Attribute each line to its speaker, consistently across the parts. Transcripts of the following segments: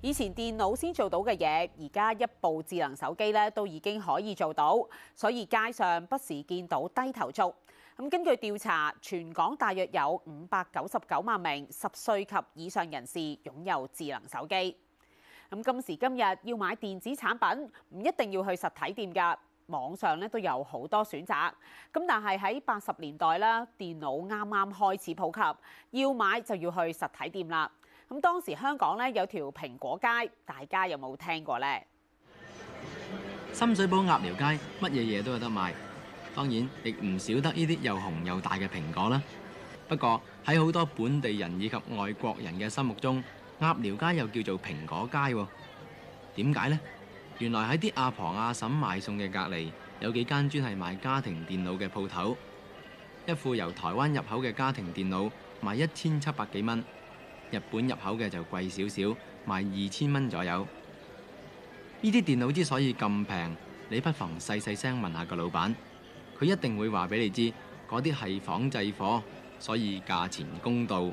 Speaker 1: 以前電腦先做到嘅嘢，而家一部智能手機咧都已經可以做到，所以街上不時見到低頭族。咁根據調查，全港大約有五百九十九萬名十歲及以上人士擁有智能手機。咁今時今日要買電子產品唔一定要去實體店㗎，網上咧都有好多選擇。咁但係喺八十年代啦，電腦啱啱開始普及，要買就要去實體店啦。咁當時香港咧有條蘋果街，大家有冇聽過呢？
Speaker 2: 深水埗鴨寮街乜嘢嘢都有得賣，當然亦唔少得呢啲又紅又大嘅蘋果啦。不過喺好多本地人以及外國人嘅心目中，鴨寮街又叫做蘋果街喎啊。點解呢？原來喺啲阿婆阿嬸買餸嘅隔離，有幾間專係賣家庭電腦嘅鋪頭，一副由台灣入口嘅家庭電腦賣一千七百幾蚊。日本入口嘅就貴少少，賣二千蚊左右。呢啲電腦之所以咁平，你不妨細細聲問下個老闆，佢一定會話俾你知，嗰啲係仿製貨，所以價錢公道。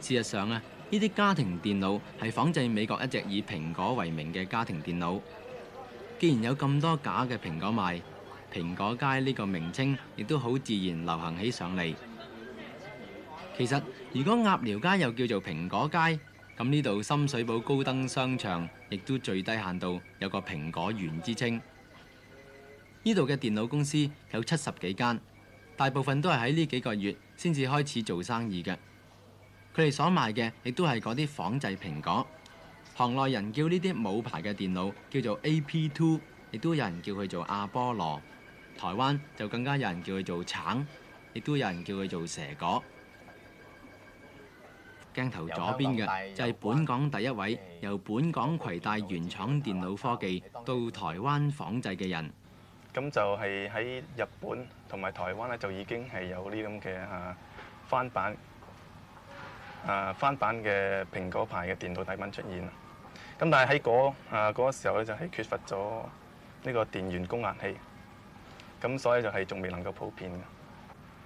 Speaker 2: 事實上啊，呢啲家庭電腦係仿製美國一隻以蘋果為名嘅家庭電腦。既然有咁多假嘅蘋果賣，蘋果街呢個名稱亦都好自然流行起上嚟。其實，如果鴨寮街又叫做蘋果街，咁呢度深水埗高登商場亦都最低限度有個蘋果園之稱。呢度嘅電腦公司有七十幾間，大部分都係喺呢幾個月先至開始做生意嘅。佢哋所賣嘅亦都係嗰啲仿製蘋果，行內人叫呢啲冇牌嘅電腦叫做 AP2，亦都有人叫佢做阿波羅。台灣就更加有人叫佢做橙，亦都有人叫佢做蛇果。鏡頭左邊嘅就係本港第一位由本港攜帶原廠電腦科技到台灣仿製嘅人。咁就係喺日本同埋台灣咧，就已經係有呢咁嘅啊翻版啊翻版嘅蘋果牌嘅電腦底板出現啦。咁但係喺嗰啊嗰個時候咧，就係缺乏咗呢個電源供應器，咁所以就係仲未能夠普遍嘅。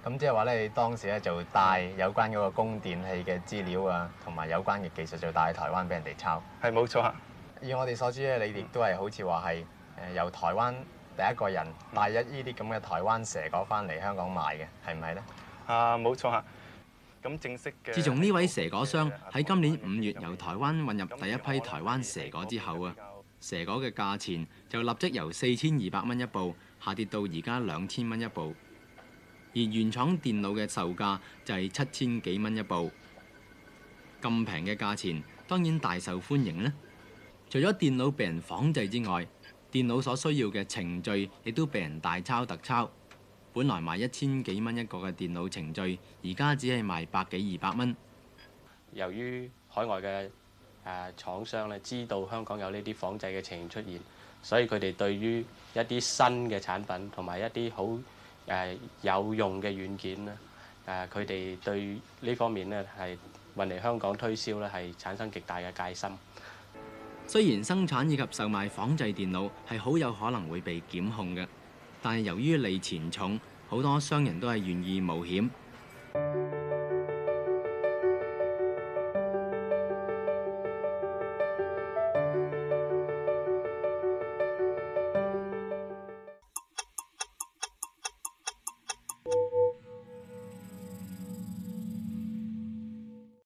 Speaker 2: 咁即係話咧，你當時咧就帶有關嗰個供電器嘅資料啊，同埋有，有關嘅技術就帶去台灣俾人哋抄，係冇錯啊。以我哋所知咧，你哋都係好似話係誒由台灣第一個人帶一呢啲咁嘅台灣蛇果翻嚟香港賣嘅，係唔係呢？啊，冇錯啊。咁正式嘅。自從呢位蛇果商喺今年五月由台灣運入第一批台灣蛇果之後啊，蛇果嘅價錢就立即由四千二百蚊一部下跌到而家兩千蚊一部。而原廠電腦嘅售價就係七千幾蚊一部，咁平嘅價錢當然大受歡迎咧。除咗電腦被人仿製之外，電腦所需要嘅程序亦都被人大抄特抄。本來賣一千幾蚊一個嘅電腦程序，而家只係賣百幾二百蚊。由於海外嘅誒、啊、廠商咧，知道香港有呢啲仿製嘅情形出現，所以佢哋對於一啲新嘅產品同埋一啲好誒、呃、有用嘅軟件咧，誒佢哋對呢方面咧係運嚟香港推銷咧，係產生極大嘅戒心。雖然生產以及售賣仿製電腦係好有可能會被檢控嘅，但係由於利錢重，好多商人都係願意冒險。